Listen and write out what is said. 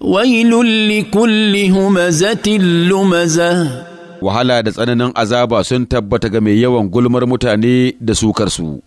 ويل لكل همزة لمزة wahala da tsananin azaba sun tabbata ga mai yawan gulmar mutane da sukar su.